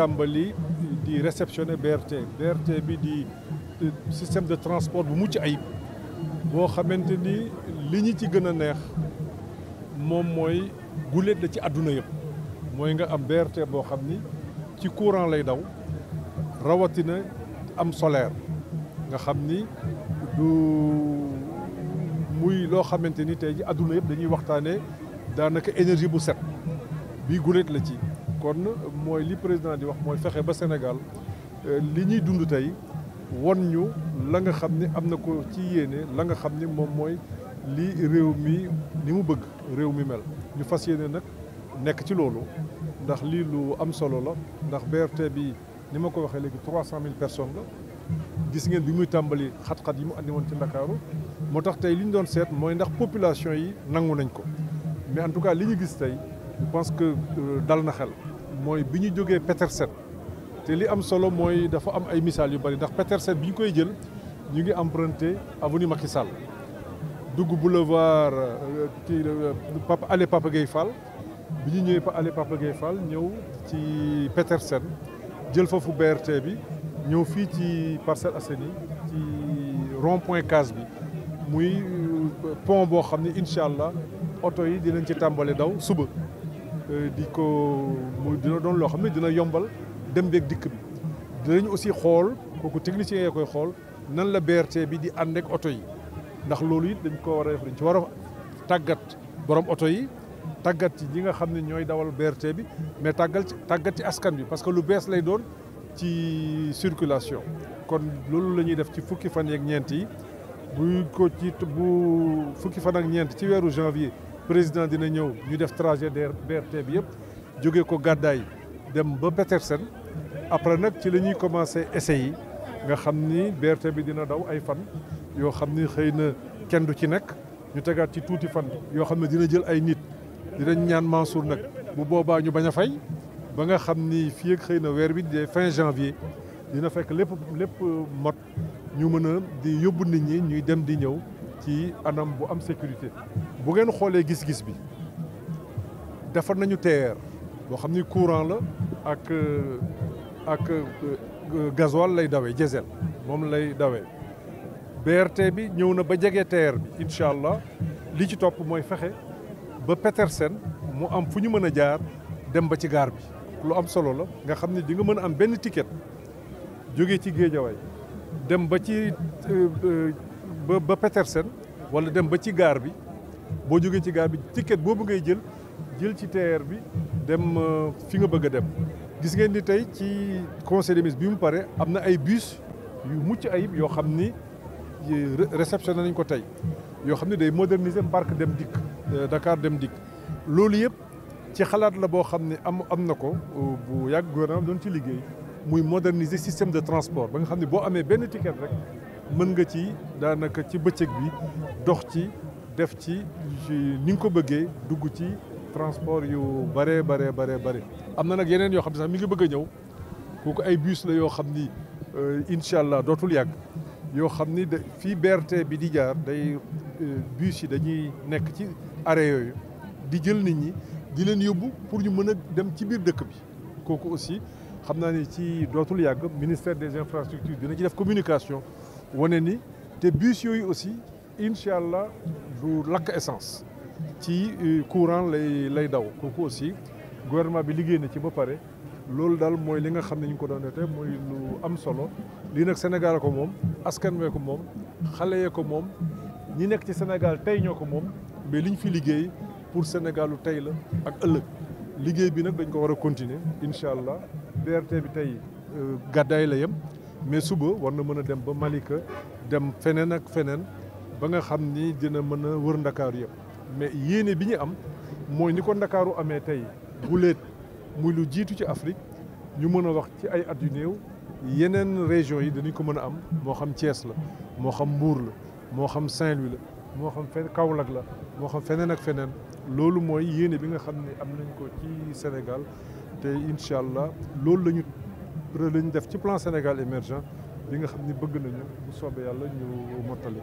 tàmbali di réceptionner BRT BRT bi di système de transport bu mucc ayib boo xamante ni li ñu ci gën a neex moom mooy guléet la ci àdduna yëpp mooy nga am BRT boo xam ni ci courant lay daw rawatina am solaire nga xam ni du muy loo xamante ni tey ji àdduna yëpp dañuy waxtaanee daanaka énergie bu set bii guléet la ci kon mooy li président di wax mooy fexe ba Sénégal euh, li ñuy dund tey won ñu la nga xam ni am na ko ci yéene la nga xam ni moom mooy li réew mi ni mu bëgg réew mi mel ñu fas yéene nag nekk ci loolu ndax lii lu am solo la ndax BRT bi ni ma ko waxee léegi trois cent mille la gis ngeen bi muy tàmbali xat-xat yi mu andi woon ci Ndakaaru moo tax tey li ñu doon seet mooy ndax population yi nangu nañ ko mais en tout cas li ñu gis tey je que euh, dal na xel mooy bi ñu jógee Petersen te li am solo mooy dafa am ay misaal yu bari ndax Petersen bi ñu koy jël ñu ngi emprunté avenue Macky Sall dugg boulevard euh, kii euh, Papa allée Papa Gueye Fall bi ñu ñëwee allée Papa Gueye Fall ñëw ci Petersen jël foofu BRT bi ñëw fii ci Parcelles Assainies ci rond-point Case bi muy euh, pont boo xam ne incha allah oto yi dinañ ci tàmbali daw suba. Euh, di ko mu dina doon loo xam ne dina yombal dem beeg dikk bi dinañ aussi xool kooku technicien ya koy xool nan la berte bi di ànd ak oto yi ndax loolu it dañ ko war a def dañ ci war a tàggat borom oto yi tàggat ci nga xam ne ñooy dawal BRT bi mais tàggal ci tàggat ci askan bi parce que lu bees lay doon ci circulation kon loolu la ñuy def ci fukki fan yeeg ñeent yi bu ko ci bu fukki fan ak ñeent ci weeru janvier président dina ñëw ñu def trajet de BRT bi yëpp jóge ko gàddaay dem ba Petersen après nag ci lañuy ñuy commencé essai yi nga xam ni berte bi dina daw ay fan yoo xam ni xëy na kenn du ci nekk ñu tegaat ci tuuti fan yoo xam ne dina jël ay nit dinañ ñaan Mansour nag bu boobaa ñu bañ a fay ba nga xam ni fii xëy na weer bi de fin janvier dina fekk lépp lépp mot ñu mën a di yóbbu nit ñi ñuy dem di ñëw ci anam bu am sécurité bu ngeen xoolee gis-gis bi defar nañu TER boo xam ni courant la ak ak euh, gasoil lay dawee diesel moom lay dawee BRT bi ñëw na ba jege TER bi incha allah li ci topp mooy fexe ba Petersen mu am fu ñu mën a jaar dem ba ci gaar bi lu am solo la nga xam ni di nga mën a am benn ticket jóge ci Géejawaay dem ba ci euh, euh, ba ba Petersen wala dem ba ci gaar bi boo jógee ci gaar bi ticket boo bëggee jël jël ci TER bi dem euh, fi nga bëgg a dem. gis ngeen ni tey ci conseil des ministres bi mu pare am na ay bus yu mucc ayib yoo xam ni réceptionné nañ ko tey yoo xam ne day moderniser Mbark Dem Dikk euh, dakaar Dem Dikk loolu yëpp ci xalaat la boo xam ne am am na ko euh, bu yàgg gouvernement doon ci liggéey muy moderniser système de transport ba nga xam ne boo amee benn ticket rek. mën nga ci daanaka ci bëccëg bi dox ci def ci ni nga ko bëggee dugg ci transport yu bare bare bare bare am na nag yeneen yoo xam ne sax mi ngi bëgg ñëw kooku ay bus la yoo xam ni euh, incha allah dootul yàgg yoo xam ni fii BRT bi di jaar day euh, bus yi dañuy nekk ci arrêt yooyu di jël nit ñi di leen yóbbu pour ñu mën a dem ci biir dëkk bi kooku aussi xam naa ni ci dootul yàgg ministère des infrastructures dina ci def communication wane ni te bus yooyu aussi incha allah du lakk essence ci euh, courant lay lay daw kooku aussi gouvernement bi liggéey na ci ba pare loolu daal mooy li nga xam ne ñu ngi ko doon doonte mooy lu am solo lii nag Sénégal ko moom askan wee ko moom xale yee ko moom ñi nekk ci Sénégal tey ñoo ko moom li ñu fi liggéey pour Sénégalu tey la ak ëllëg liggéey bi nag dañ ko war a continuer incha allah BRT bi tey euh, gàddaay la yem mais suba war na mën a dem ba Malika dem feneen ak feneen ba nga xam ni dina mën a war ndakaaru yëpp mais yéene bi ñu am mooy ni ko ndakaaru amee tey bu muy lu jiitu ci Afrique ñu mën a wax ci ay at yu néew yeneen région yi dañu ko mën a am moo xam Thiès la moo xam mbuur la moo xam Saint-Louis la moo xam fenn Kaolack la moo xam feneen ak feneen loolu mooy yéene bi nga xam ne am nañ ko ci Sénégal te incha allah loolu lañu tëral li ñu def ci plan Sénégal émergent bi nga xam ni bëgg nañu bu soobee yàlla ñu mottali